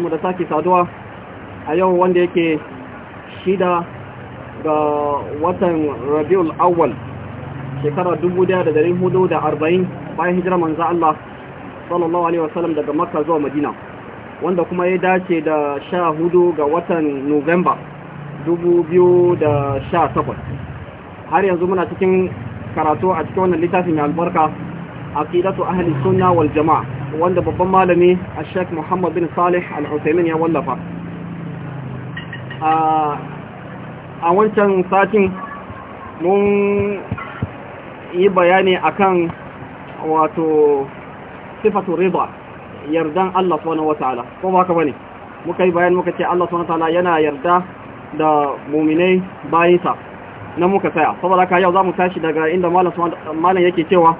mu da sake saduwa a yau wanda yake shida ga watan rabiul awwal shekarar 1440 bayan hijira manzo Allah sallallahu alaihi wasallam daga makka zuwa madina wanda kuma ya dace da sha hudu ga watan novemba 2018 har yanzu muna cikin karatu a cikin wannan littafin mai albarka aqidatu ahli sunna wal jama'a wanda babban malami a sheik muhammad bin salih al-usaimin ya wallafa a wancan satin mun yi bayani akan wato sifatu riba yardan Allah wata wataala ko ba haka bane muka yi bayan muka ce Allah subhanahu wataala yana yarda da mu'minai bayinsa na muka saya saboda haka yau zamu tashi daga inda malam yake cewa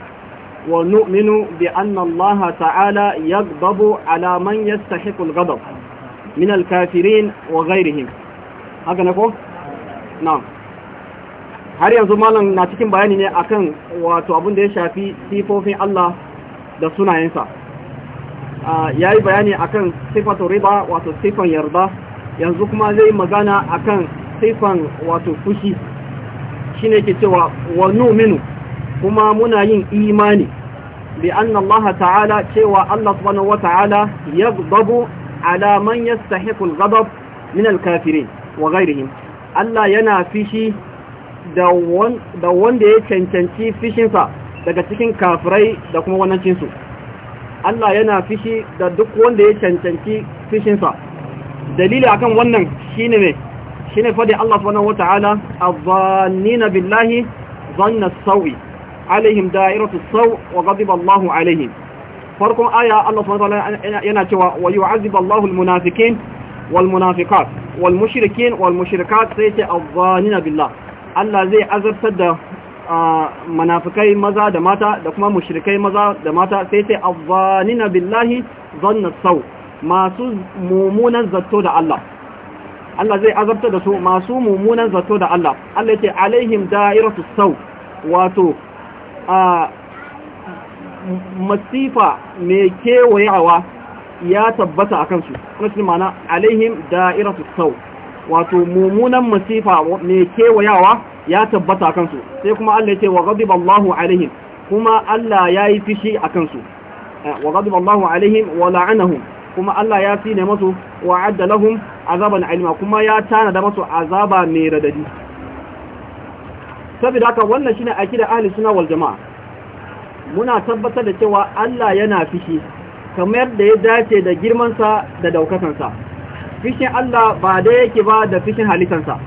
ونؤمن بأن الله تعالى يغضب على من يستحق الغضب من الكافرين وغيرهم haka na ko? na har yanzu malam na cikin bayani ne akan wato abin da ya shafi sifofin Allah da sunayensa ya yi bayani akan sifatu riba wato sifan yarda yanzu kuma zai magana akan sifan wato fushi shine ke cewa wa minu. kuma muna yin imani bi anna Allah ta'ala cewa Allah subhanahu wa ta'ala yaghdabu ala man yastahiqu al-ghadab min al-kafirin wa ghayrihim Allah yana fishi da wanda ya cancanci fishinsa daga cikin kafirai da kuma wannancinsu Allah yana fishi da duk wanda ya cancanci fishinsa dalili akan wannan shine ne shine fadi Allah subhanahu wataala adh-dhannina billahi dhanna as-sawi alaihim da'iratu saw wa ghadiba Allahu alaihim farkon aya Allah subhanahu wa ta'ala yana cewa wa yu'azzibu Allahu almunafiqin walmunafiqat walmushrikin walmushrikat sai ce azzanina billah Allah zai azabta da munafikai maza da mata da kuma mushrikai maza da mata sai ce azzanina billahi zanna saw masu mumunan zato da Allah Allah zai azabta da su masu mummunan zato da Allah Allah ce alaihim da'iratu sau wato a masifa mai awa ya tabbata a kansu kuma shi mana alaihim da'iratu sau wato mummunan masifa mai awa ya tabbata a kansu sai kuma Allah ce wa ghadiba Allahu alaihim kuma Allah ya yi fishi a kansu eh, wa ghadiba Allahu alaihim wa la'anahum kuma Allah ya ne masu wa lahum azaban alima kuma ya tana da masu azaba mai radadi saboda haka wannan shine akida ahli sunna wal jamaa muna tabbatar da cewa Allah yana fishi kamar da ya dace da girmansa da daukakansa fishin Allah ba da yake ba da fishin halittarsa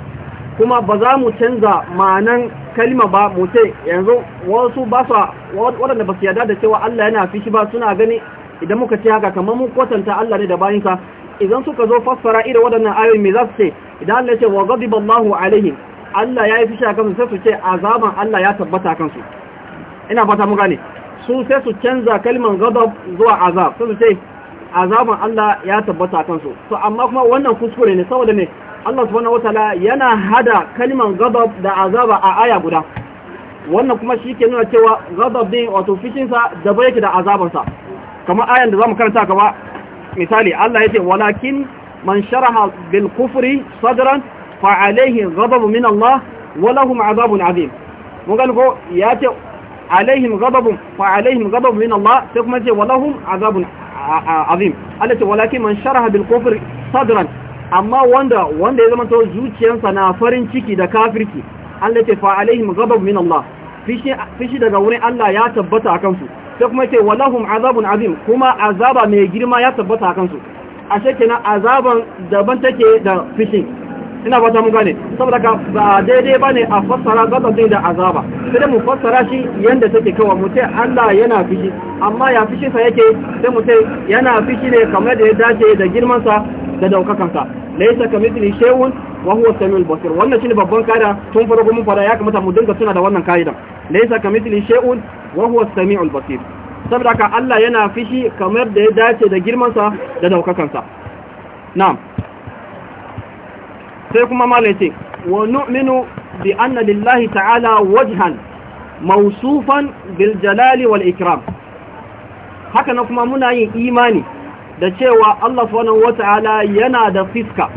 kuma ba za mu canza ma'anan kalima ba mu ce yanzu wasu ba su waɗanda ba su yarda da cewa Allah yana fishi ba suna gani idan muka ce haka kamar mu kwatanta Allah ne da bayinka, idan suka zo fassara irin waɗannan ayoyi me za su ce idan Allah ya ce wa ghadiba Allahu alaihim Allah ya yi fushi a kansu sai su ce azaban Allah ya tabbata a kansu ina fata mu gane su sai su canza kalman gadab zuwa azab sai su ce azaban Allah ya tabbata a kansu to amma kuma wannan kuskure ne saboda me Allah subhanahu wataala yana hada kalman gadab da azaba a aya guda wannan kuma shi ke nuna cewa gadab din wato fishinsa da bai da da sa kamar ayan da zamu karanta gaba misali Allah yace walakin man sharaha bil kufri sadran فعليه غضب من الله ولهم عذاب عظيم mun gani ko ya ce alaihim ghadabun fa alaihim ghadabun min Allah sai kuma ce walahum azabun azim Allah ce walakin man sharaha bil kufr sadran amma wanda wanda ya zama zuciyarsa na farin ciki da kafirki Allah ce fa alaihim ghadabun min Allah fishi daga wurin Allah ya tabbata a kansu sai kuma ce walahum azabun azim kuma azaba mai girma ya tabbata a kansu ashe kenan azaban daban take da fishin ina ba ta mun gane saboda ka ba daidai ba ne a fassara zai da azaba sai dai mu fassara shi yanda take kawa mu ce Allah yana fishi amma ya fishi sa yake sai mu ce yana fishi ne kamar da ya dace da girman sa da daukakan sa laysa kamithli shay'un wa huwa samiul basir wannan shine babban kaida tun farko mun fara ya kamata mu dinga tuna da wannan kaida laysa kamithli shay'un wa huwa samiul basir saboda ka Allah yana fishi kamar da ya dace da girman sa da daukakan sa na'am sai kuma mala ce wa nu'minu bi anna lillahi ta'ala wajhan mawsufan bil jalali wal ikram haka na kuma muna yin imani da cewa Allah subhanahu wata'ala yana da fiska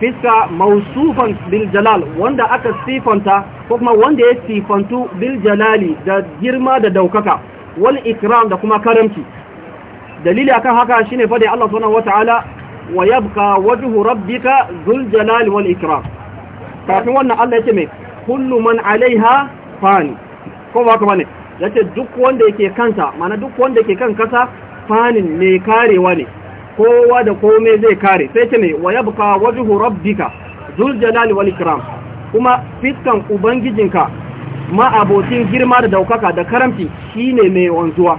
fiska mausufan bil jalal wanda aka sifanta ko kuma wanda ya sifantu bil jalali da girma da daukaka wal ikram da kuma karamci dalili akan haka shine fa dai Allah subhanahu wata'ala wa yabqa wajhu rabbika dhul jalali wal ikram kafin wannan Allah yake mai kullu man alaiha fani ko ba ka bane yace duk wanda yake kanta mana duk wanda yake kan kasa fani mai karewa ne kowa da komai zai kare sai ce mai wa yabqa wajhu rabbika dhul jalali wal ikram kuma fiskan ubangijinka ma abotin girma da daukaka da karamci shine mai wanzuwa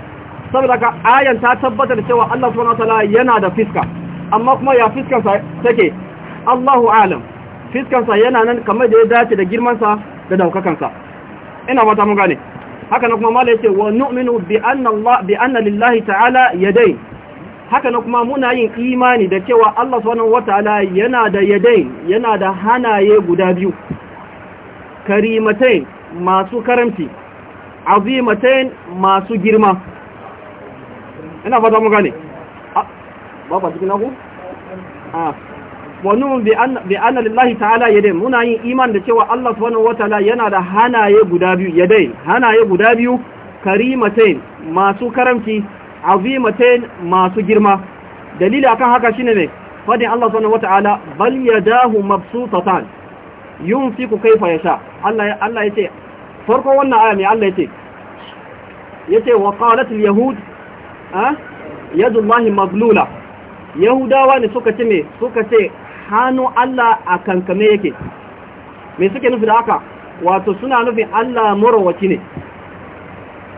saboda ka ayan ta tabbatar cewa Allah subhanahu ta'ala yana da fiska amma kuma ya fiskansa take Allahu alam fiskansa yana nan kamar da ya dace da girmansa da daukakansa ina fata mun gane haka nan kuma malai ce, wa nu'minu bi anna Allah bi anna lillahi ta'ala yaday haka nan kuma muna yin imani da cewa Allah subhanahu wataala yana da yaday yana da hanaye guda biyu karimatain masu karamci azimatain masu girma ina fata mun gane ba cikin naku a ah. wani bi anna lillahi ta'ala yadai muna yin iman da cewa Allah subhanahu wataala yana da hanaye guda biyu yadai hanaye guda biyu karimatain masu karamci azimatain masu girma dalili akan haka shine ne fadin Allah subhanahu wataala bal yadahu mabsutatan yunfiku kaifa yasha Allah Allah yace farko wannan aya ne Allah yace yace wa qalat al yahud ha ah, yadullahi maglula yahudawa ne suka ce me suka ce hannu Allah a kankame yake me suke nufi da haka wato suna nufin Allah murawaci ne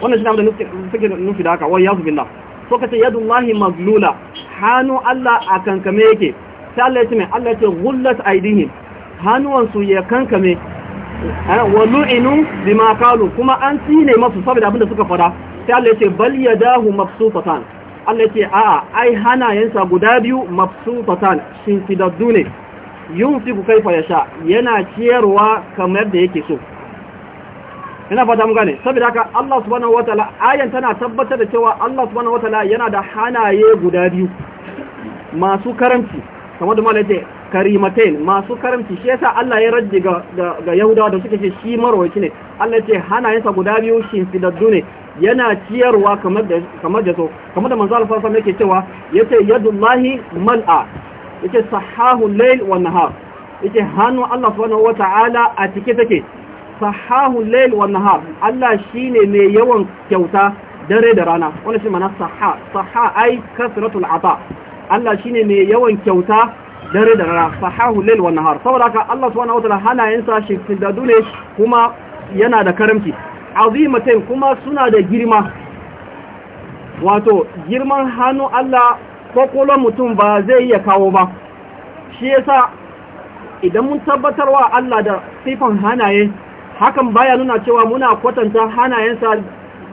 wannan shi ne suke nufi da haka wayyazu billah suka ce Allah maglula hannu Allah a kankame yake sai Allah ya ce mai Allah ya ce gullat aidihim hannuwansu ya kankame eh, wa lu'inu bima kalu kuma an tsine masu saboda abin suka fada sai Allah ya ce bal yadahu mabsutatan Allah ce a'a ai hanayensa guda biyu mabsutatan shimfidaddu ne fa kaifa sha yana ciyarwa kamar da yake so ina fata muka gane saboda haka Allah subhanahu wataala ayan tana tabbatar da cewa Allah subhanahu wataala yana da hanaye guda biyu masu karamci kamar da malai ce karimatain masu karamci shi yasa Allah ya rajje ga ga Yahudawa da suka ce shi marwaci ne Allah ya ce hanayensa guda biyu shimfidaddu ne yana ciyarwa kamar da kamar da so kamar da manzo alfa yake cewa yace yadullahi mal'a yace sahahu layl wa nahar yace hannu Allah subhanahu wata'ala a cike take sahahu layl wa nahar Allah shine mai yawan kyauta dare da rana wannan shi mana saha saha ai kasratul ata Allah shine mai yawan kyauta dare da rana sahahu layl wa nahar saboda haka Allah subhanahu wata'ala halayensa shi tindadu ne kuma yana da karamci azimatan kuma suna da girma wato girman hannu Allah kwakwalon mutum ba zai iya kawo ba shi yasa idan mun tabbatarwa Allah da sifan hanaye hakan baya nuna cewa muna kwatanta hanayensa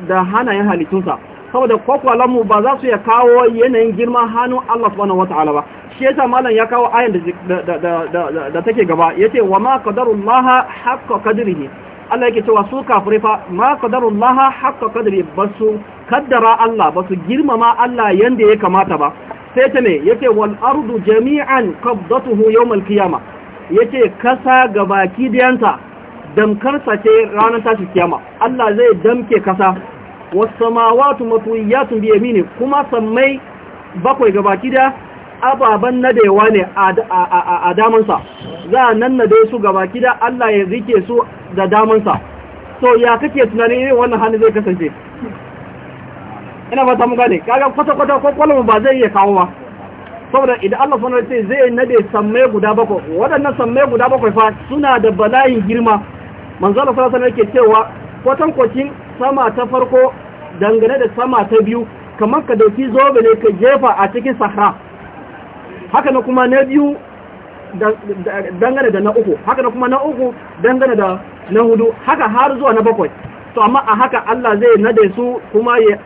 da hanayen halittunsa saboda mu ba za su ya kawo yanayin girman hannu Allah subhanahu wata'ala ba shi yasa malam ya kawo ayan da take gaba Ya ce, wa ma qadarullah haqqa qadrihi Allah yake cewa su kafirai fa ma qadarullah haqqa qadri basu kaddara Allah basu girmama Allah yanda ya kamata ba sai ta ne yace wal ardu jami'an qabdatuhu yawm al qiyama yace kasa gabaki diyanta damkarsa ce ranar tashi kiyama Allah zai damke kasa was samawati matwiyatun bi yamini kuma sammai bakwai gabaki da ababen nadewa ne a damansa za a nan nade su gaba da, Allah ya rike su da damansa so ya kake tunanin irin wannan hannu zai kasance ina ba ta mu gane kaga kwata-kwata ko kwallon ba zai iya kawo ba saboda idan Allah sanar ce zai nade sammai guda bakwai waɗannan sammai guda bakwai fa suna da bala'in girma manzala sallallahu sanar ke cewa kwatankwacin sama ta farko dangane da sama ta biyu kamar ka dauki zobe ne ka jefa a cikin sahara haka na kuma na biyu dangane da na uku haka na kuma na uku dangane da na hudu haka har zuwa na bakwai to amma a haka Allah zai nade su kuma ya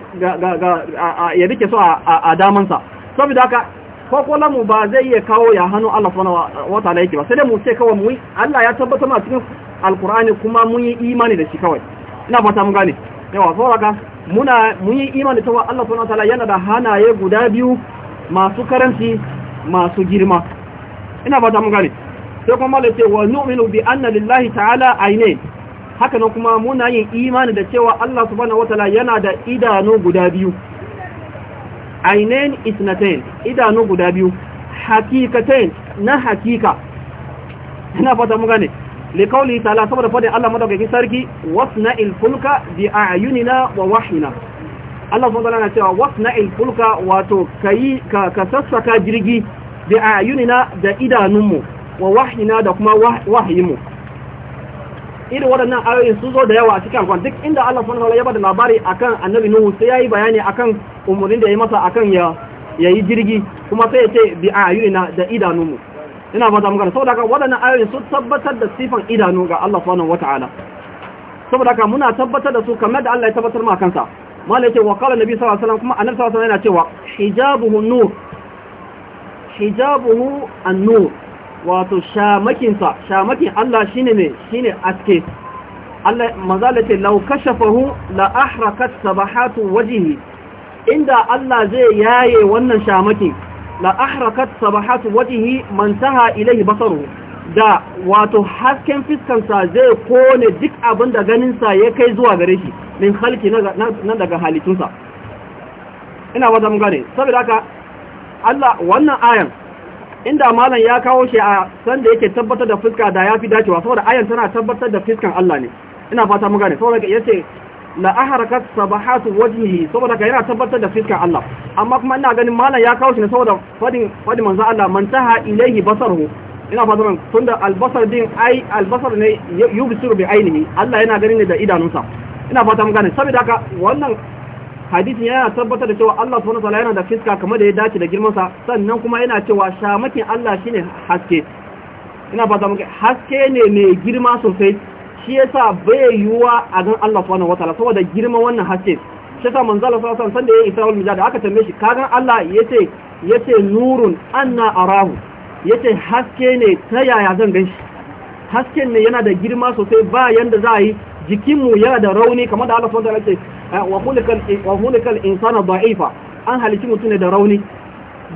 rike su a damansa saboda haka kokola mu ba zai iya kawo ya hannu Allah subhanahu wa ta'ala yake ba sai dai mu ce kawai mu Allah ya tabbatar ma cikin alkur'ani kuma mun yi imani da shi kawai ina fata mun gane yawa saboda muna mun yi imani cewa Allah subhanahu wa ta'ala yana da hanaye guda biyu masu karanci masu girma ina ba ta mun gane sai kuma malai ce wa nu'minu bi anna lillahi ta'ala aine haka nan kuma muna yin imani da cewa Allah subhanahu wataala yana da idanu guda biyu ainain isnatain idanu guda biyu hakikatain na hakika ina fata mu gane likauli ta'ala saboda fadin Allah madaukakin sarki wasna'il fulka bi a'yunina wa wahina. Allah sun zala na cewa wasna fulka wato ka sassaka jirgi da ayunina da idanunmu wa wahina da kuma wahayinmu irin waɗannan ayoyin sun zo da yawa a cikin alkwan duk inda Allah sun zala ya bada labari akan annabi Nuhu sai ya yi bayani akan umarin da ya masa akan ya yi jirgi kuma sai ya ce bi ayunina da idanunmu ina fata muka saboda haka waɗannan ayoyin sun tabbatar da sifan idanu ga Allah subhanahu wataala saboda ka muna tabbatar da su kamar da Allah ya tabbatar ma kansa malai ce wa kala nabi sallallahu alaihi kuma annabi sallallahu alaihi yana cewa hijabuhu nur hijabuhu an-nur wato shamakin sa shamakin Allah shine me shine aske Allah manzala ce law kashafahu la ahrakat sabahatu wajhi inda Allah zai yaye wannan shamakin la ahrakat sabahatu wajhi man taha ilayhi basaruhu da wato hasken fiskansa zai kone duk abin da ganinsa ya kai zuwa gare shi min halki na daga halittunsa ina wata mun gane saboda haka Allah wannan ayan inda malam ya kawo shi a sanda yake tabbatar da fuska da ya fi dacewa saboda ayan tana tabbatar da fiskan Allah ne ina fata mun gane saboda yace la aharakat sabahatu wajhihi saboda kai yana tabbatar da fiskan Allah amma kuma ina ganin malam ya kawo shi ne saboda fadin fadin manzo Allah man taha ilayhi basaruhu ina fata nan tunda albasar din ai albasar ne yubsiru bi ainihi Allah yana ganin ne da idanunsa ina fata mun gane saboda haka wannan hadisin yana tabbatar da cewa Allah subhanahu wataala yana da fiska kamar da ya dace da girman sa sannan kuma yana cewa shamakin Allah shine haske ina fata mun haske ne mai girma sosai shi yasa bai yiwuwa a gan Allah subhanahu wataala saboda girman wannan haske shi yasa manzo Allah sallallahu alaihi wasallam sanda ya Isra'il mijad aka tambaye shi kagan Allah yace yace nurun anna arahu yace haske ne ta yaya zan gan shi? Haske ne yana da girma sosai ba yanda za a yi jikinmu yana da rauni kamar da Allah subhanahu wa ce eh, wa hulikal insana da'ifa an halici mutum ne da rauni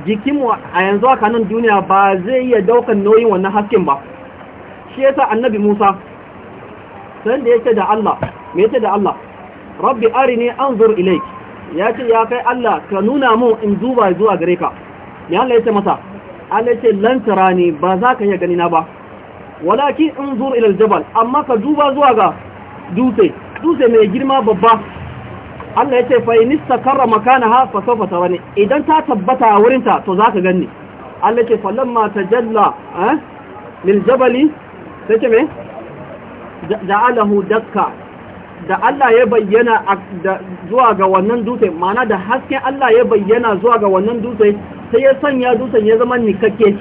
jikinmu a yanzu a kanan duniya ba zai iya daukan nauyin wannan hasken ba shi yasa annabi Musa sai da yake da Allah me yake da Allah rabbi arini anzur ilayk yace ya kai Allah ka nuna mun in duba zuwa gare ka me Allah yace masa Allah ce lantara ne ba za ka iya gani na ba walaki in zuwa ilal jabal amma ka duba zuwa ga dutse dutse mai girma babba Allah ya ce fa in istakarra makanaha fa sawfa tarani idan ta tabbata a wurin ta to zaka ganni Allah ya ce falamma tajalla eh lil jabali sai ce dakka da Allah ya bayyana zuwa ga wannan dutse mana da hasken Allah ya bayyana zuwa ga wannan dutse sai ya sanya dutsen ya zama nikakke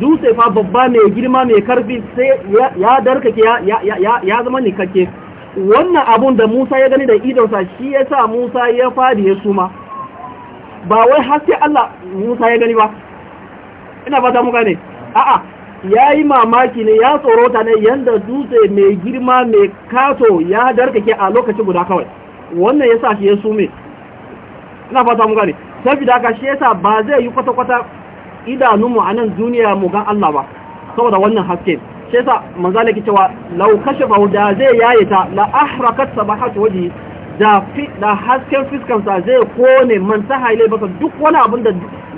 dutse fa babba mai girma mai karfi sai ya darkake ya zama nikakke wannan abun da Musa ya gani da idonsa shi ya sa Musa ya fadi ya suma ba wai hasken Allah Musa ya gani ba ina ta muka ne a'a ya yi mamaki ne ya tsorota ne yadda dutse mai girma mai kato ya darkake a lokaci guda kawai wannan ya sa shi ya sume ina fata mu gane da haka shi yasa ba zai yi kwata-kwata idanunmu a nan duniya mu gan Allah ba saboda wannan haske shi yasa manzo ne cewa laukashe kashafa da zai yaye ta la ahrakat sabahat waji da fi da hasken fiskan sa zai kone man ta haile baka duk wani abin da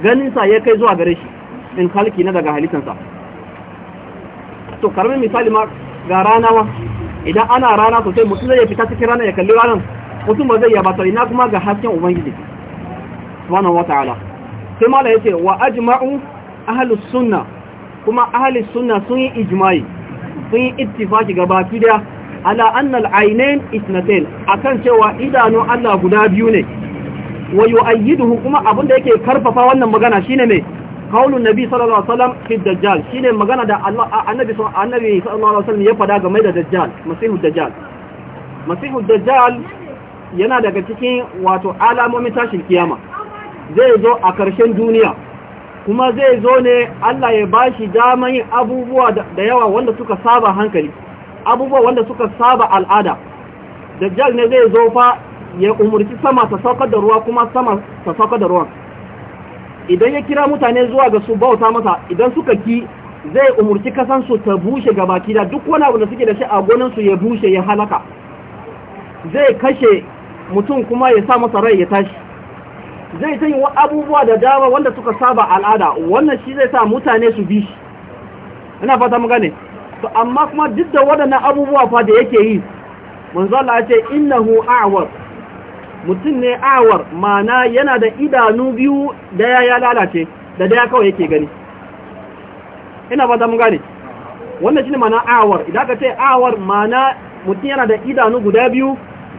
ganin sa ya kai zuwa gare shi in halki na daga halittansa to karamin misali ma ga rana wa idan ana rana sosai mutum zai fita cikin rana ya kalli ranar mutum ba zai yaba ta ina kuma ga hasken ubangiji subhanahu ta'ala sai mala yace wa ajma'u ahlus sunna kuma ahlus sunna sun yi ijma'i sun yi ga gabaki daya ala anna al aynayn ithnatayn akan cewa idanu Allah guda biyu ne wa yu'ayyiduhu kuma abinda yake karfafa wannan magana shine me kaulun nabi sallallahu alaihi wasallam fi dajjal shine magana da Allah annabi annabi sallallahu alaihi wasallam ya fada game da dajjal masihu dajjal masihu dajjal yana daga cikin wato alamomin tashin kiyama zai zo a ƙarshen duniya kuma zai zo ne Allah ya bashi daman yin abubuwa da yawa wanda suka saba hankali abubuwa wanda suka saba al'ada dajjal ne zai zo fa ya umurci sama ta saukar da ruwa kuma sama ta saukar da ruwan idan ya kira mutane zuwa ga su bauta masa idan suka ki zai umurci kasansu ta bushe baki da duk wani abu da suke da shi a gonansu ya bushe ya halaka zai kashe mutum kuma ya sa masa rai ya tashi zai ta yi abubuwa da dama wanda suka saba al'ada wannan shi zai sa mutane su bi shi ina fata mu gane to amma kuma duk da waɗannan abubuwa fa da yake yi manzo Allah ya ce innahu a'war mutum ne awar mana yana da idanu biyu daya ya lalace da daya kawai yake gani ina ba za gane wannan shi ne mana awar idan ka ce awar mana mutum yana da idanu guda biyu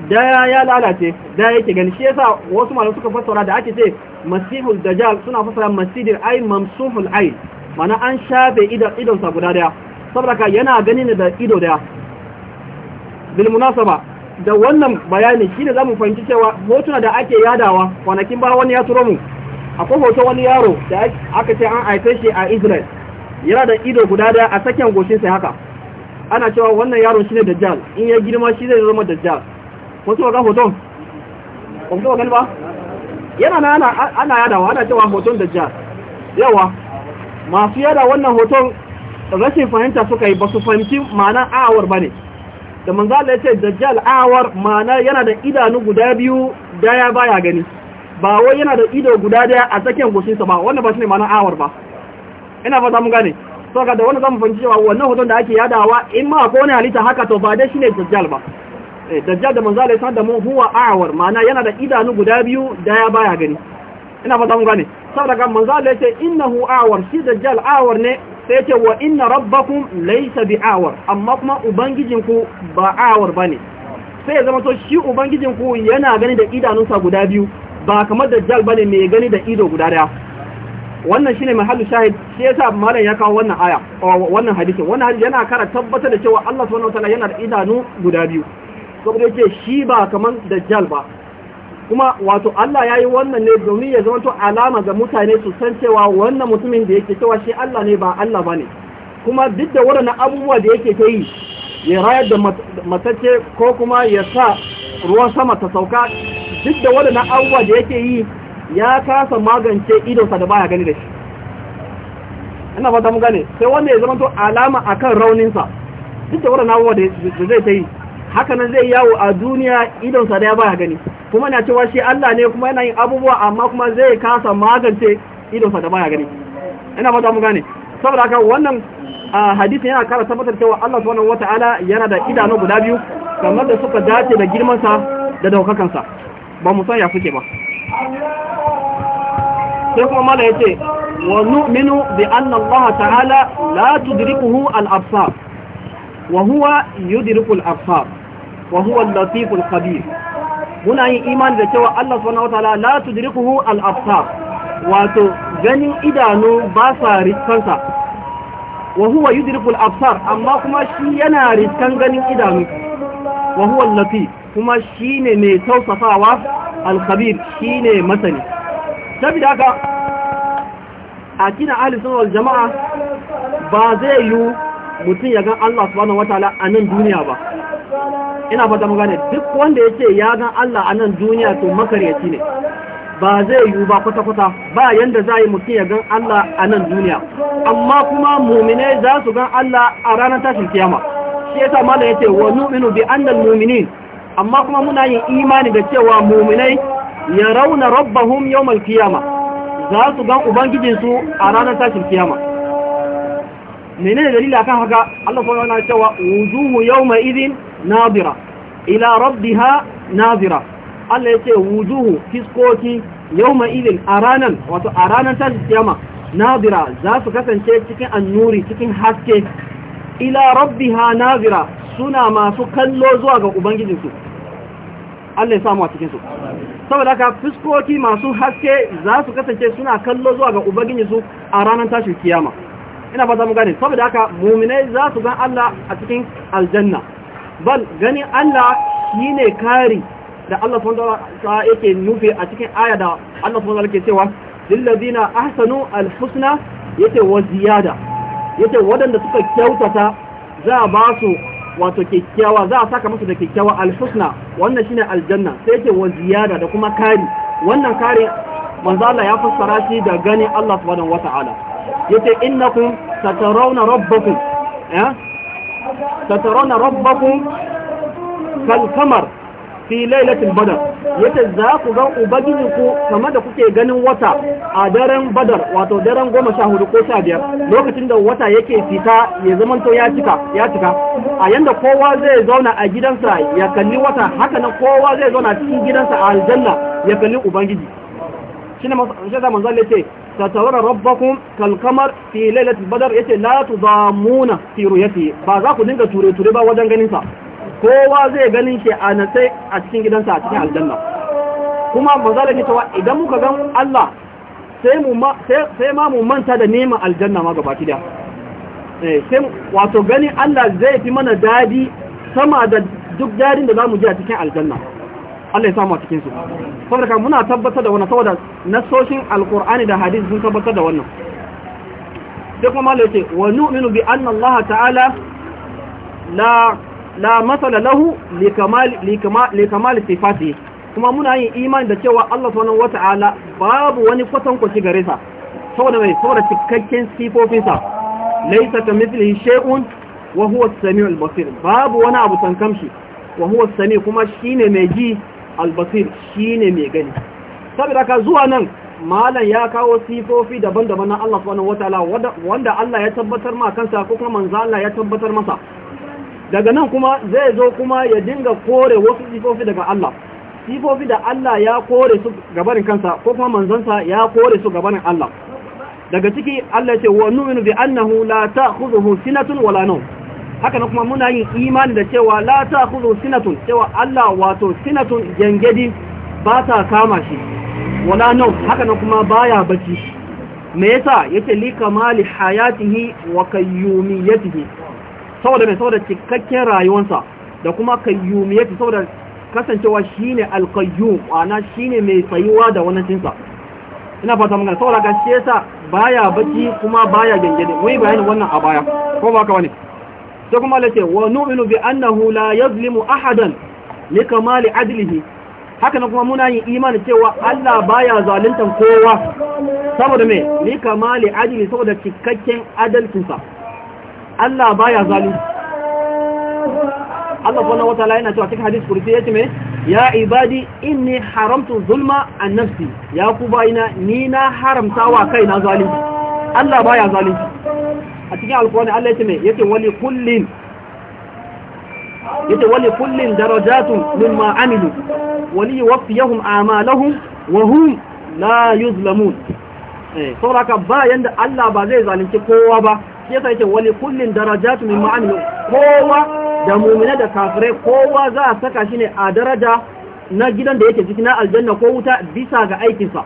daya ya lalace daya yake gani shi yasa wasu mana suka fassara da ake ce masihul dajjal suna fassara masidir ai mamsuhul ai. mana an shafe idan idonsa guda daya saboda ka yana gani ne da ido daya bil munasaba da wannan bayani shi ne za mu fahimci cewa hotuna da ake yadawa kwanakin ba wani ya turo mu akwai hoton wani yaro da aka ce an haife shi a israel yana da ido guda daya a sakin goshin sai haka ana cewa wannan yaro shi ne dajjal in ya girma shi zai zama dajjal ko su ga hoton ba su gani ba yana na ana yadawa ana cewa hoton dajjal yawa masu yada wannan hoton rashin fahimta suka yi ba su fahimci ma'anar awar ba ne da manzala ya ce dajjal awar mana yana da idanu guda biyu daya baya gani ba wai yana da ido guda daya a tsakiyar goshinsa ba wannan ba shi ne mana awar ba ina fata mun gane so ga da wannan zamu fahimci cewa wannan hoton da ake yadawa in ma ko ne halitta haka to ba dai shine dajjal ba eh dajjal da manzala ya da mu huwa awar mana yana da idanu guda biyu daya baya gani ina fata mun gane saboda ga manzala ya ce innahu awar shi dajjal awar ne sai ce wa inna rabbakum laysa bi'awar amma kuma ubangijinku ba awar bane sai ya zama to shi ubangijinku yana gani da idanunsa guda biyu ba kamar dajjal bane mai gani da ido guda daya wannan shine mahallu shahid shi yasa malam ya kawo wannan aya wannan hadisi wannan hadisi yana kara tabbatar da cewa Allah subhanahu wataala yana da idanu guda biyu saboda yake shi ba kamar dajjal ba kuma wato Allah ya yi wannan ne domin ya zama to alama ga mutane su san cewa wannan mutumin da yake cewa shi Allah ne ba Allah ba ne kuma duk da waɗannan abubuwa da yake ta yi ya rayar da matace ko kuma ya sa ruwan sama ta sauka duk da waɗannan abubuwa da yake yi ya kasa magance idonsa da baya gani da shi ina fata mu gane sai wanda ya zama to alama akan rauninsa duk da waɗannan abubuwa da zai ta yi haka nan zai yawo a duniya idonsa da ya baya gani kuma na cewa shi Allah ne kuma yana yin abubuwa amma kuma zai kasa magance idonsa da baya gani ina fata mu gane saboda haka wannan hadisi yana kara tabbatar cewa Allah subhanahu wataala yana da idanu guda biyu kamar da suka dace da girman sa da daukakan sa ba mu san ya suke ba sai kuma mala yace wa nu'minu bi anna Allah ta'ala la tudrikuhu al-absar wa huwa yudriku al-absar wa huwa al-latif al-khabir muna yin imani da cewa Allah subhanahu wataala la tudrikuhu al-absar wato ganin idanu ba sa riskansa wa huwa yudrikul absar amma kuma shi yana riskan ganin idanu wa huwa al kuma shine mai tausafawa al-khabir shine masani saboda haka a kina ahli sunna wal jama'a ba zai yi mutum ya ga Allah subhanahu wataala a nan duniya ba ina fata mu gane duk wanda ya ce ya gan Allah a nan duniya to makaryaci ne ba zai yiwu ba kwata-kwata ba yanda za yi mutum ya gan Allah a nan duniya amma kuma mumine za su gan Allah a ranar tashin kiyama shi yasa mala ya ce wa nu'minu bi annal muminin amma kuma muna yin imani da cewa muminai ya rauna rabbahum yawmal kiyama za su gan ubangijinsu a ranar tashin kiyama menene dalili kan haka Allah subhanahu yana ta'ala cewa wujuhu yawma idhin nazira ila rabbiha nazira Allah ya ce wujuhu fiskoki yawma idin a ranar wato a ranar ta kiyama nazira za su kasance cikin annuri cikin haske ila rabbiha nazira suna masu kallo zuwa ga ubangijinsu Allah ya samu a cikinsu saboda haka fuskoki masu haske za su kasance suna kallo zuwa ga ubangijinsu a ranar tashin kiyama ina fata mu gane saboda haka muminai za su gan Allah a cikin aljanna bal ganin Allah shi ne kari da Allah subhanahu yake nufi a cikin aya da Allah subhanahu wa ke cewa lillazina ahsanu alhusna yace wa ziyada yace wadanda suka kyautata za a ba su wato kyakkyawa za a saka musu da kyakkyawa alhusna wannan shine aljanna sai yace wa ziyada da kuma kari wannan kari manzo Allah ya fassara shi da ganin Allah subhanahu wa ta'ala yace innakum satarawna rabbakum ya eh? تترون ربكم كالقمر fi lailatul badar yace za ku ga ubangiji ku kama da kuke ganin wata a daren badar wato daren goma sha hudu ko sha biyar lokacin da wata yake fita ya zamanta ya cika a yanda kowa zai zauna a gidansa ya kalli wata haka nan kowa zai zauna cikin gidansa a aljanna ya kalli ubangiji shine manzo Allah yace tatawara rabbakum kalkamar fi lailatul badr yace la tudamuna fi ru'yati ba za ku dinga ture ture ba wajen ganin sa kowa zai ganin shi a nace a cikin gidansa a cikin aljanna kuma manzo da cewa idan muka ga Allah sai mu sai ma mu manta da neman aljanna ma gaba kida eh sai wato gani Allah zai fi mana dadi sama da duk dadin da zamu ji a cikin aljanna Allah ya samu a cikin su kan muna tabbatar da wannan saboda nasoshin alkur'ani da hadisi sun tabbatar da wannan sai kuma Allah yace wa nu'minu bi anna Allah ta'ala la la masala lahu li kamal li kamal li kamal sifati kuma muna yin imani da cewa Allah subhanahu wata'ala babu wani kwatankwaci gare sa saboda mai saboda cikakken sifofinsa laisa ka mithlihi shay'un wa huwa as-sami'ul basir babu wani abu san kamshi wa huwa as-sami' kuma shine mai ji albasir shi ne mai gani saboda ka zuwa nan malam ya kawo sifofi daban-daban na Allah subhanahu wataala wanda Allah ya tabbatar ma kansa ko kuma manzo Allah ya tabbatar masa daga nan kuma zai zo kuma ya dinga kore wasu sifofi daga Allah sifofi da Allah ya kore su gabanin kansa ko kuma manzansa ya kore su gabanin Allah daga ciki Allah ya ce wa nu'minu bi annahu la ta'khudhuhu sinatun wala nawm haka kuma muna yin imani da cewa la ta ta'khudhu sinatun cewa Allah wato sinatun jangadi ba ta kama shi wala nau haka kuma baya bacci me yasa yake li kamali hayatihi wa kayyumiyatihi saboda me saboda cikakken rayuwarsa da kuma kayyumiyati saboda kasancewa shine al-qayyum ana shine mai tsayuwa da wannan cinsa ina fata mun saboda ga shi yasa baya bacci kuma baya gangade wai bayani wannan a baya ko ba ka wani sai kuma lace wa nu'minu bi annahu la yazlimu ahadan li kamali adlihi haka kuma muna yin imani cewa Allah baya zaluntan kowa saboda me li kamali adli saboda cikakken adalcinsa Allah baya zalunci Allah subhanahu wataala yana cewa cikin hadisi kursi yace me ya ibadi inni haramtu zulma an nafsi ya ku bayina ni na haramta wa kaina zalunci Allah baya zalunci a cikin alkurani Allah ya ce mai yake wani kullin yake wali kullin darajatun mimma amilu wali yuwaffiyahum amalahum wa hum la yuzlamun eh saboda ka bayan da Allah ba zai zalunci kowa ba shi yasa yake wani kullin darajatun mimma amilu kowa da mu'mina da kafirai kowa za a saka shi ne a daraja na gidan da yake ciki na aljanna ko wuta bisa ga aikinsa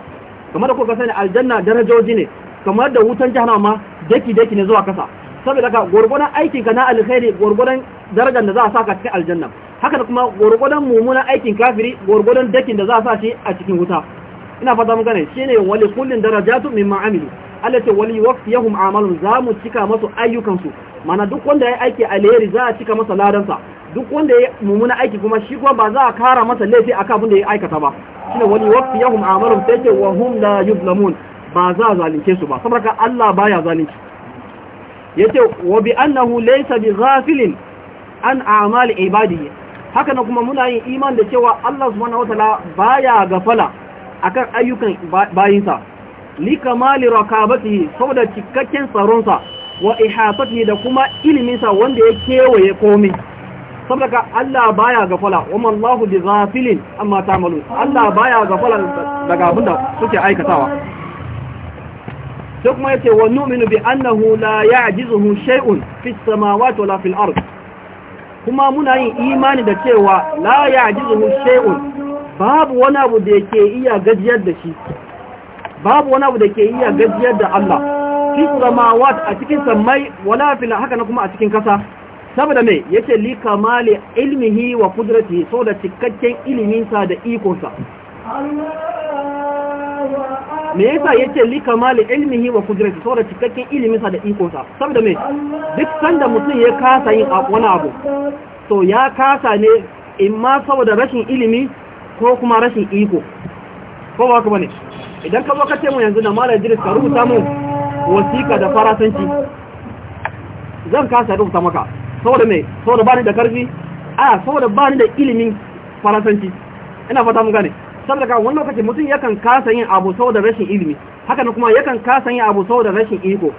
kamar da kuka sani aljanna darajoji ne kamar da wutan jahannama daki daki ne zuwa kasa saboda ka gurgurdan aikin ka na alkhairi gurgurdan darajar da za a saka cikin aljanna haka da kuma gurgurdan mummunan aikin kafiri gurgurdan dakin da za a sa shi a cikin wuta ina fata mun gane shine wali kullin darajatu mimma amilu Allah ce wali waqtiyahum amalun za mu cika masu ayyukan su mana duk wanda ya aiki alheri za a cika masa ladan sa duk wanda ya mumuna aiki kuma shi kuma ba za a kara masa laifi akan abin da ya aikata ba shine wali waqtiyahum amalun take wa hum la yuzlamun ba za a zalunce su ba saboda Allah baya zalunci yace wa bi annahu laysa bi ghafilin an a'mal ibadi. haka na kuma muna yin iman da cewa Allah subhanahu wataala baya gafala akan ayyukan bayinsa li kamali rakabatihi saboda cikakken tsaronsa wa ihatatihi da kuma iliminsa wanda ya kewaye komai saboda Allah baya gafala wama mallahu bi ghafilin amma malu. Allah baya gafala daga abinda suke aikatawa sai kuma yace wa nu'minu bi annahu la ya'jizuhu shay'un fi samawati wala fil ard kuma muna yin imani da cewa la ya'jizuhu shay'un babu wani abu da yake iya gajiyar da shi babu wani abu da ke iya gajiyar da Allah fi samawat a cikin samai wala fil haka na kuma a cikin kasa saboda me yace li kamali ilmihi wa qudratihi saboda cikakken sa da ikonsa Allah me yasa yace li kamali ilmihi wa qudrati saboda cikakken ilimin sa da iko sa saboda me duk sanda mutum ya kasa yin wani abu to ya kasa ne in ma saboda rashin ilimi ko kuma rashin iko ko ba ku bane idan ka ka ce mu yanzu na malam Idris ka rubuta mu wasiƙa da farasanci zan kasa rubuta maka saboda me saboda bani da karfi a saboda bani da ilimin farasanci ina fata mun gane saboda wani lokaci mutum yakan kasa yin abu saboda rashin ilimi haka kuma yakan kasa yin abu saboda rashin iko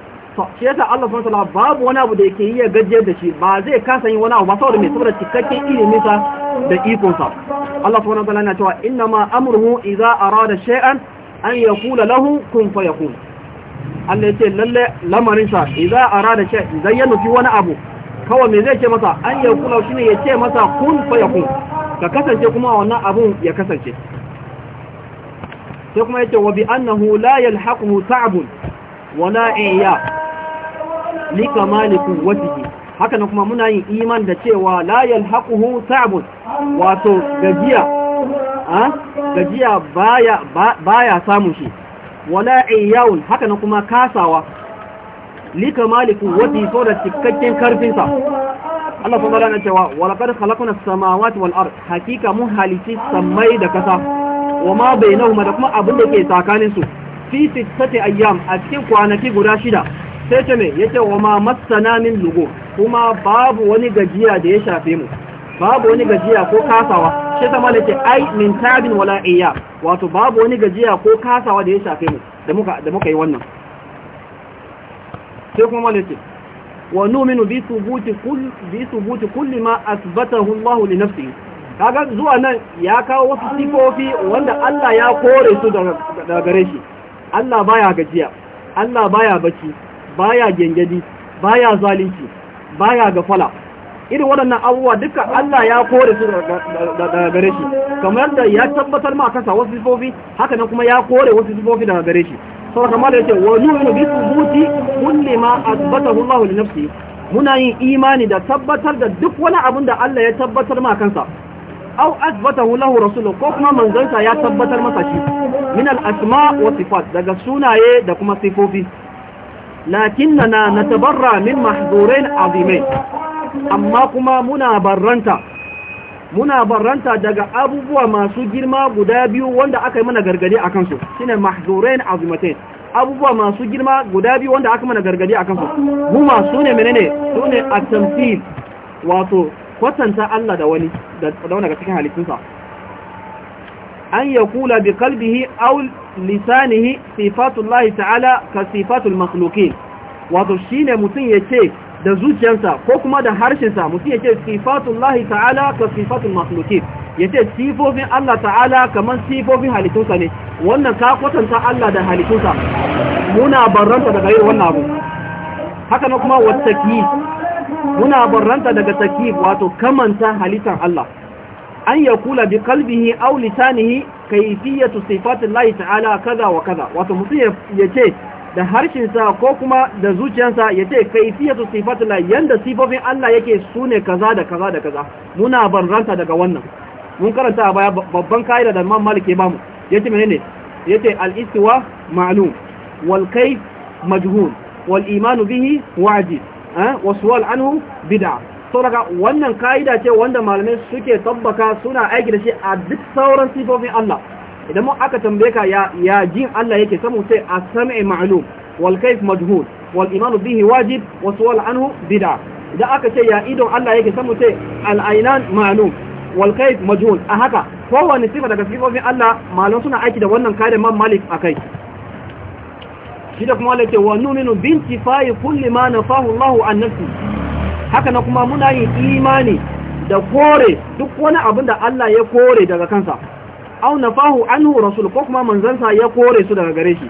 shi yasa Allah subhanahu wa babu wani abu da yake yi ya gajiyar da shi ba zai kasa yin wani abu ba saboda mai saboda cikakken ilimin sa da iko sa Allah subhanahu wa yana cewa inna ma amruhu idza arada shay'an an yaqula lahu kun fayakun Allah ya ce lalle lamarin sa idza arada shay'an idan ya nufi wani abu kawai me zai ce masa an yaqula shine ya ce masa kun fayakun ka kasance kuma wannan abun ya kasance sai kuma yake wabi bi annahu la yalhaquhu ta'bun wala iya li kamali quwwatihi haka nan kuma muna yin iman da cewa la yalhaquhu ta'bun wato gajiya a gajiya baya baya samun shi wala iyaun haka nan kuma kasawa li kamali quwwatihi to da cikakken karfin sa Allah subhanahu wa ta'ala cewa wa laqad khalaqna as-samawati wal ard hakika mun halici samai da kasa wa ma bainahuma da kuma abin da ke tsakanin su fi sittati ayyam a cikin kwanaki guda shida sai ta me yace wa ma masana min lugo kuma babu wani gajiya da ya shafe mu babu wani gajiya ko kasawa shi ta malake ai min tabin wala iya wato babu wani gajiya ko kasawa da ya shafe mu da muka da muka yi wannan sai kuma malake wa nu'minu bi thubuti kulli bi thubuti kulli ma athbathahu Allah li nafsihi kaga zuwa nan ya kawo wasu sifofi wanda Allah ya kore su daga gare shi Allah baya gajiya Allah baya bacci baya gengedi baya zalunci baya gafala irin waɗannan abubuwa duka Allah ya kore su daga gare shi kamar yadda ya tabbatar ma kasa wasu sifofi haka nan kuma ya kore wasu sifofi daga gare shi sau kama da yake wani wani bisu thubuti kulli ma asbatahu Allah li nafsi muna yin imani da tabbatar da duk wani abin da Allah ya tabbatar ma kansa aw azbatahu lahu rasuluhu ko kuma manzansa ya tabbatar masa shi min al asma wa sifat daga sunaye da kuma sifofi lakinnana natabarra min mahdhurain azimain amma kuma muna barranta muna barranta daga abubuwa masu girma guda biyu wanda aka yi mana gargadi a kansu shine mahzurain azimatain abubuwa masu girma guda biyu wanda aka mana gargadi a kansu su ne menene su ne at-tamthil wato kwatanta Allah da wani da daga cikin halittunsa an ya kula bi kalbihi aw lisanihi sifatullahi ta'ala ka sifatul makhluqin wato shine mutum yace da zuciyarsa ko kuma da harshensa mutum yace sifatullahi ta'ala ka sifatul makhluqin yace sifofin Allah ta'ala kaman sifofin halittunsa ne wannan ka kwatanta Allah da halittunsa muna barranta daga yin wannan abu haka na kuma wata muna barranta daga takif wato kamanta halittar Allah an ya kula bi kalbihi aw lisanihi kayfiyatu sifatillahi ta'ala kaza wa kaza wato mutum yace da da harshensa ko kuma da zuciyarsa yace ce kaifiyatu sifatillahi yanda sifofin Allah yake sune kaza da kaza da kaza muna barranta daga wannan mun karanta a baya babban kaida da Imam Malik ya bamu yace menene yace al-istiwa ma'lum wal kayf majhul wal iman bihi wajib wasuwal anhu bid'a wannan kaida ce wanda malamai suke tabbaka suna aiki da shi a duk sauran sifofin Allah idan mu aka tambaye ka ya jin Allah yake samu sai a sam'i ma'lum wal kayf majhul wal iman bihi wajib wasuwal anhu bid'a idan aka ce ya idon Allah yake samu sai al ma'lum wal kayf majhul a haka kowane sifa daga sifofin Allah malamai suna aiki da wannan kaida man malik kai. shi da kuma wala ce wa numinu binti fayi kulli ma fahu Allah an nafi haka na kuma muna yin imani da kore duk wani abin da Allah ya kore daga kansa fahu an anhu rasul ko kuma manzansa ya kore su daga gare shi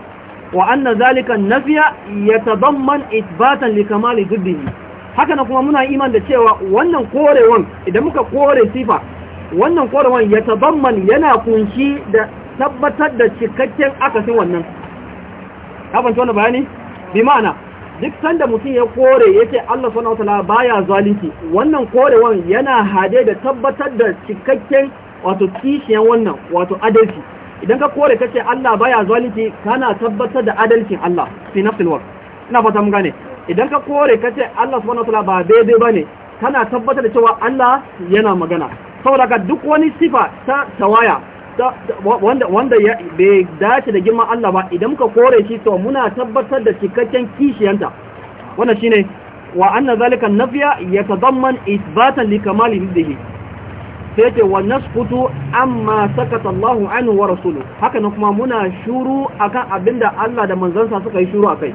wa anna zalika nafiya ya yatadamman ithbatan li kamali jiddihi haka na kuma muna iman da cewa wannan korewan idan muka kore sifa wannan korewan ya tabamman yana kunshi da tabbatar da cikakken akasin wannan kafin wani bayani bi ma'ana duk sanda mutum ya kore ya ce Allah subhanahu wataala baya zalunci wannan korewan yana hade da tabbatar da cikakken wato kishiyan wannan wato adalci idan ka kore kace Allah baya zalunci kana tabbatar da adalcin Allah fi nafsil ina fata mun gane idan ka kore kace Allah subhanahu wataala ba daidai bane kana tabbatar da cewa Allah yana magana saboda ka duk wani sifa ta tawaya wanda bai dace da girman Allah ba idan muka kore shi to muna tabbatar da cikakken kishiyanta wannan shine wa anna zalika nafiya yatadamman isbatan li kamali hiddihi sai ce wa nasqutu amma sakata Allah anhu wa rasuluhu haka nan kuma muna shuru akan abinda Allah da manzansa suka yi shuru akai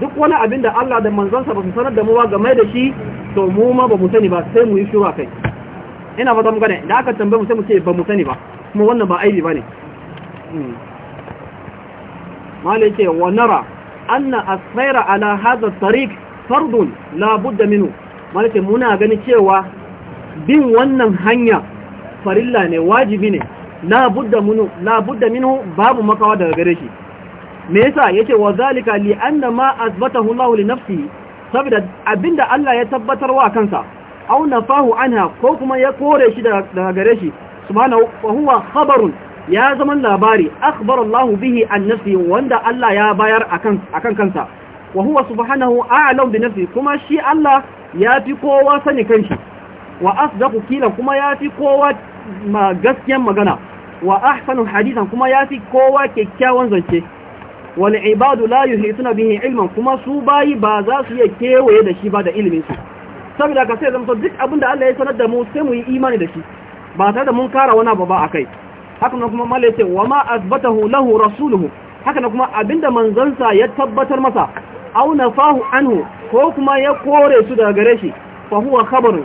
duk wani abinda Allah da manzansa ba su sanar da mu ba game da shi to mu ma ba mu sani ba sai mu yi shuru akai ina fata mu gane da aka tambaye mu sai mu ce ba mu sani ba kuma wannan ba aibi bane hmm. malai ce wa nara anna asaira ala hadha tariq fardun la budda minhu muna gani cewa bin wannan hanya farilla ne wajibi ne la budda babu makawa daga gare shi me yasa yace wa zalika li anna ma azbatahu Allah li nafsi saboda abinda Allah ya tabbatarwa kansa au nafahu anha ko kuma ya kore shi daga gare shi subhanahu wa huwa khabarun ya zama labari akhbar Allah bihi an nafsi wanda Allah ya bayar akan akan kansa wa huwa subhanahu a'lam bi nafsi kuma shi Allah ya fi kowa sani kanshi wa asdaqu kila kuma yafi kowa ma gaskiyan magana wa ahsanu hadisan kuma yafi kowa kyakkyawan zance wal ibadu la yuhituna bihi ilman kuma su bayi ba za su iya kewaye da shi ba da ilmin su saboda ka sai zama duk abinda Allah ya sanar da mu sai mu yi imani da shi ba tare da mun kara wani abu ba kai haka nan kuma mala ce wa ma azbatahu lahu rasuluhu haka nan kuma abinda manzansa ya tabbatar masa aw nafahu anhu ko kuma ya kore su daga gare shi fa huwa khabarun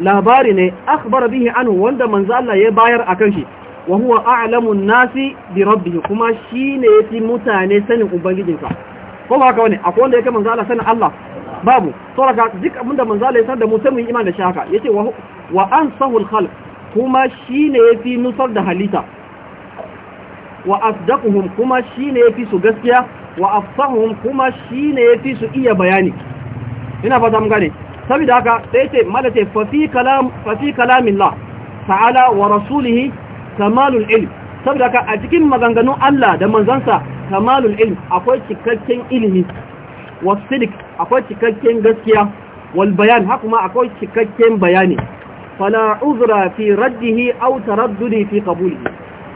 labari ne akhbara bihi anhu wanda manzo Allah ya bayar akan shi wa huwa a'lamu nasi bi rabbih kuma shine yafi mutane sanin ubangijinsa ko ba haka wani akwai wanda yake manzo Allah sanin Allah babu saboda duk abinda manzo Allah ya san da mu sai mu yi imani da shi haka yace wa wa ansahu al-khalq kuma shi ne ya fi nufar da halitta wa asdaquhum kuma shi ne ya fi su gaskiya wa afsahum kuma shi ne ya fi su iya bayani ina fata mun gane saboda haka sai ce mala ce fa fi kalam fa fi kalamillah ta'ala wa rasulihi kamalul ilm saboda haka a cikin maganganun Allah da manzansa kamalul ilm akwai cikakken ilimi wa sidq akwai cikakken gaskiya wal bayan haka akwai cikakken bayani fala uzra fi raddihi aw taraddudi fi qabulihi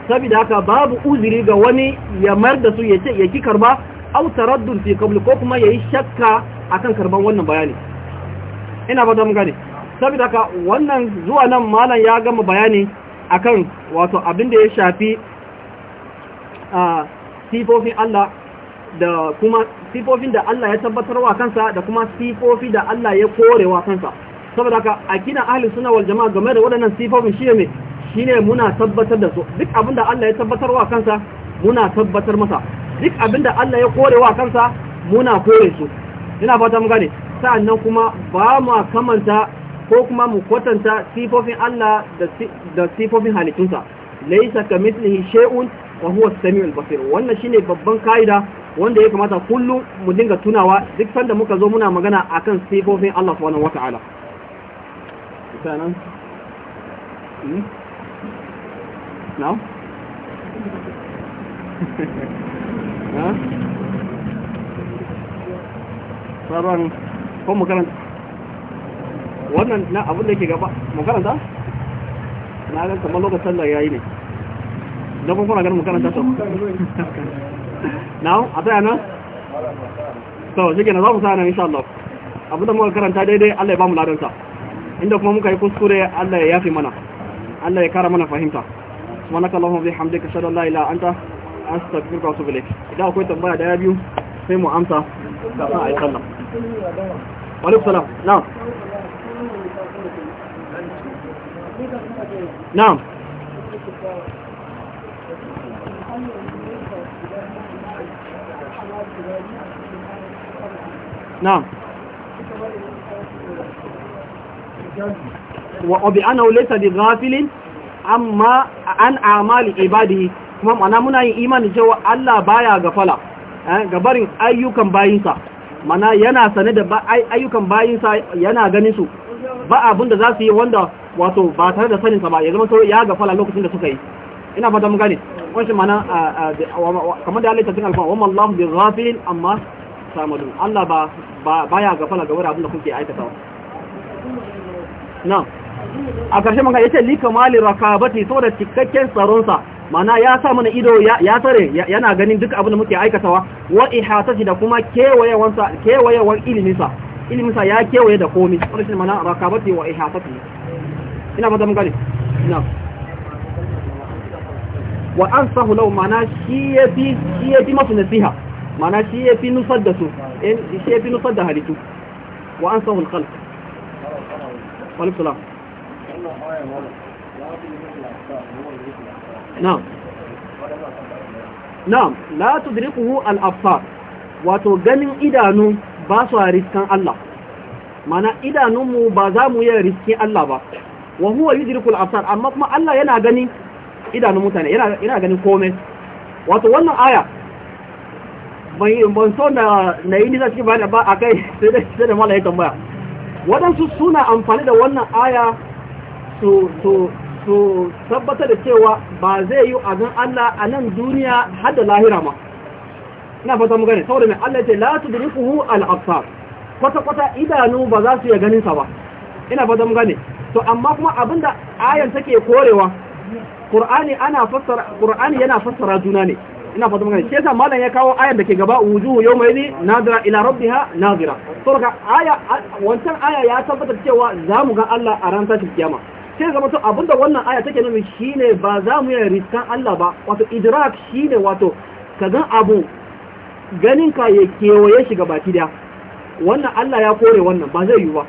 saboda haka babu uzuri ga wani ya mar da su yace ya ki karba aw taraddud fi qabl ko kuma yayi shakka akan karban wannan bayani ina ba da mun gane saboda haka wannan zuwa nan malam ya gama bayani akan wato abin da ya shafi a sifofin Allah da kuma sifofin da Allah ya tabbatarwa kansa da kuma sifofin da Allah ya korewa kansa saboda haka akina ahli sunna wal jama'a game da waɗannan sifofin shi ne shine muna tabbatar da su duk abinda Allah ya tabbatar wa kansa muna tabbatar masa duk abinda Allah ya kore wa kansa muna kore su ina fata mun gane sannan kuma ba mu kamanta ko kuma mu kwatanta sifofin Allah da sifofin halittunsa laisa kamithlihi shay'un wa huwa as-sami'ul basir wannan shine babban kaida wanda ya kamata kullum mu dinga tunawa duk sanda muka zo muna magana akan sifofin Allah subhanahu ta'ala Canon? Hmm? No? huh? Sauran ko makaranta? Wannan na abin da ke gaba makaranta? Na ga kamar lokacin da ya yi ne. Don kuma ganin makaranta sau. Na? A ta yana? So, shi ke na za mu sa yana insha Allah. Abin da muka karanta daidai Allah ya ba mu ladansa. inda kuma muka yi kuskure Allah ya yafi mana Allah ya kara mana fahimta subhanaka allahumma bihamdika ashhadu an la ilaha anta astaghfiruka wa atubu ilayk idan akwai tambaya da ya biyu sai mu amsa kafin a yi sallah wa alaikum salam na'am na'am نعم wa obi ana wulaita di gafilin amma an amali ibadi kuma mana muna yin imani cewa Allah baya gafala eh, gabarin ayyukan bayinsa mana yana sane da ayyukan bayinsa yana ganin su ba abin da za su yi wanda wato ba tare da saninsa ba ya zama to ya gafala lokacin da suka yi ina fata mun gane wancin mana kamar da halittar cin alfa wamma Allah bi gafilin amma samadu Allah ba baya gafala ga wani abin da kuke aikata. nan a ƙarshe maka ce li kamali rakabati so da cikakken tsaronsa mana ya sa mana ido ya tsare yana ganin duk abin da muke aikatawa wa ihatati da kuma kewayewansa iliminsa iliminsa ya kewaye da komai wani shi mana rakabati wa ihatati ina fata mun gani na wa ansahu law mana shi ya shi yafi masu nasiha mana shi fi nusar da su eh, shi yafi nusar da halittu wa an al-khalq وعليكم السلام نعم na'am la tudrikuhu al-absar wato ganin idanu ba su riskan Allah mana idanunmu ba za mu yi riskin Allah ba wa huwa yudrikul absar amma kuma Allah yana gani idanun mutane yana gani ganin komai wato wannan aya ban ban so na yi nisa cikin bayani ba kai sai da sai da tambaya. waɗansu suna amfani da wannan aya su tabbata tabbatar da cewa ba zai yi a zan Allah a nan duniya har da lahira ma ina fata mu gane saboda mai Allah ce latu tudrikuhu al-absar kwata kwata idanu ba za su iya ganin sa ba ina fata mu gane to amma kuma abinda ayan take korewa ƙur'ani yana fassara juna ne ina fata magana shi yasa malam ya kawo ayar da ke gaba wujuhu yawma yadi nadira ila rabbiha nadira saboda aya wancan aya ya tabbatar cewa za mu ga Allah a ran tashin kiyama sai zama to abinda wannan aya take nuna shine ba za mu yi riskan Allah ba wato idrak shine wato ka ga abu ganin ka ya kewaye shi gaba ki da wannan Allah ya kore wannan ba zai yi ba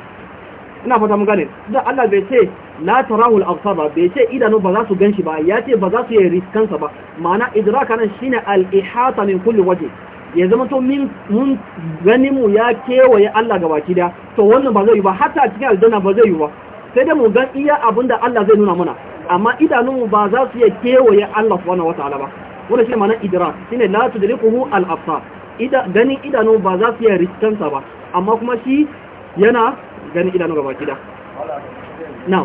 ina fata mun gane da Allah bai ce la tarahul absar ba bai ce idanu ba za su ganshi ba ya ce ba za su yi riskansa ba ma'ana idraka nan shine al-ihata min kulli waje ya zama to min mun ganin mu ya kewaye Allah gabaki da to wannan ba zai yi ba hatta cikin aljanna ba zai yi ba sai da mu gan iya abin da Allah zai nuna mana amma idanunmu ba za su kewaye Allah subhanahu wataala ba wannan shine ma'ana idrak shine la tudrikuhu al-absar ida ganin idanu ba za su yi riskansa ba amma kuma shi yana gani idanu gaba kida now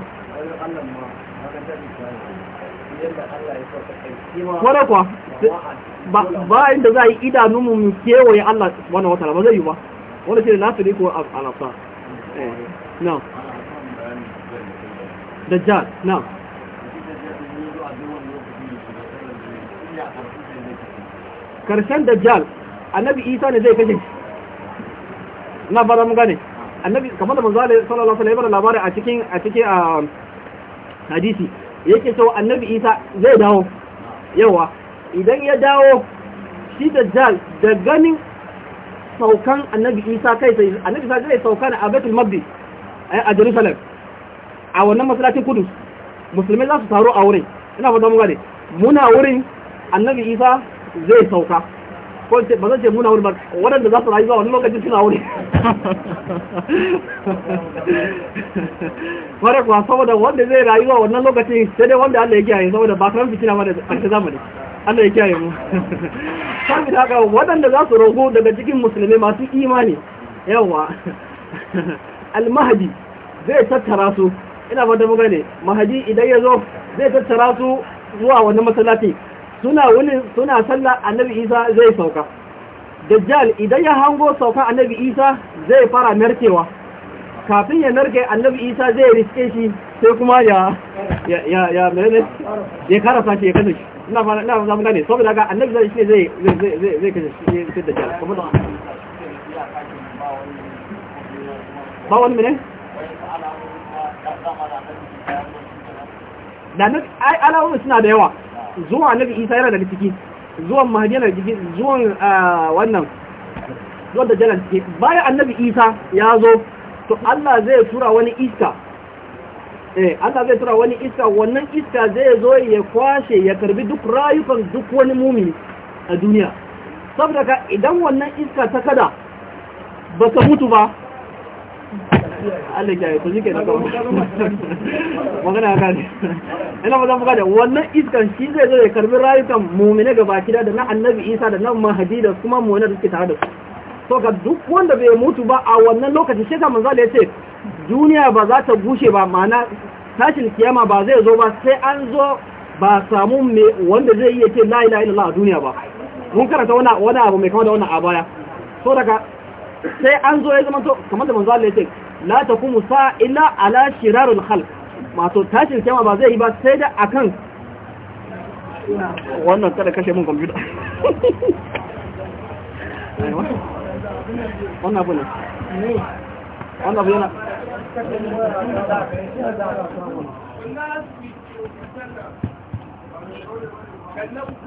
wadda kuwa ba inda za a yi idanu mu kewaye Allah wani wata ba zai yi ba wadda ce da lafi ko alafa eh, now dajjal now karshen dajjal annabi isa ne zai kashe na fara mu gane annabi kamar da manzo Allah sallallahu alaihi wasallam labari a cikin a cikin a hadisi yake cewa annabi Isa zai dawo yawa idan ya dawo shi dal da ganin saukan annabi Isa kai sai annabi Isa zai sauka a Baitul Maqdis eh, a Jerusalem a wannan masallacin Kudus musulmai za su taro a wurin ina fata mun gane muna wurin annabi Isa zai sauka ko ba zan ce muna wuri ba waɗanda za su rayu zuwa wani lokacin suna wuri wadda kuwa saboda wanda zai rayu a wannan lokacin sai dai wanda Allah ya kiyaye saboda ba karan fitina ma da ƙarshe zamani Allah ya kiyaye mu sabbi da haka waɗanda za su rogo daga cikin musulmi masu imani yawa almahadi zai tattara su ina ba da magane mahadi idan ya zo zai tattara su zuwa wani masallaci suna wuni suna sallah annabi isa zai sauka dajjal idan ya hango sauka annabi isa zai fara narkewa kafin ya narke annabi isa zai riske shi sai kuma ya ya ya mene ya karasa shi ya kashe shi ina fara ina zama gane saboda ga annabi zai shi zai zai zai zai kashe shi sai dajjal kuma ba wani mene da nan ai alawoyin suna da yawa zuwa annabi isa yana daga ciki zuwan mahadi yana da ciki zuwan wannan zuwan dajjal yana ciki bayan annabi isa ya zo to Allah zai tura wani iska eh Allah zai tura wani iska wannan iska zai zo ya kwashe ya karbi duk rayukan duk wani mumini a duniya saboda ka idan wannan iska ta kada baka mutu ba Allah to shi na kawo magana ga ne ina ba zan buga da wannan iskan shi zai zo ya karbi rayukan mumine ga baki da na annabi isa da na mahadi da kuma mumine da suke tare da su to ga duk wanda bai mutu ba a wannan lokaci shi ka manzo ya ce duniya ba za ta gushe ba ma'ana tashin kiyama ba zai zo ba sai an zo ba samu me wanda zai iya ce la ilaha illallah a duniya ba mun karanta wani abu mai kama da wannan a baya so daga sai an zo ya zama to kamar da manzo Allah ya ce la taqumu sa illa ala shirarun khalq wato tashin kiyama ba zai yi ba sai da akan wannan tada kashe mun kwamfuta. wannan abu ne wannan abu yana